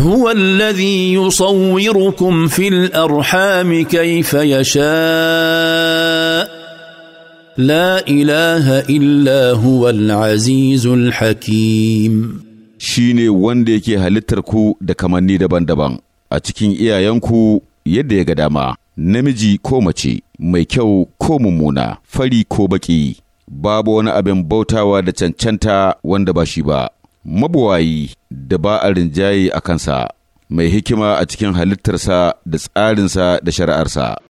هو الذي يصوركم في الارحام كيف يشاء لا اله الا هو العزيز الحكيم shine wanda yake halittar ku da kamanni daban-daban a cikin iyayenku yadda ya ga dama namiji ko mace mai kyau ko mummuna fari ko baki babu wani abin bautawa da cancanta wanda ba shi ba mabuwayi da ba a rinjaye a kansa, mai hikima a cikin halittarsa da tsarinsa da shari'arsa.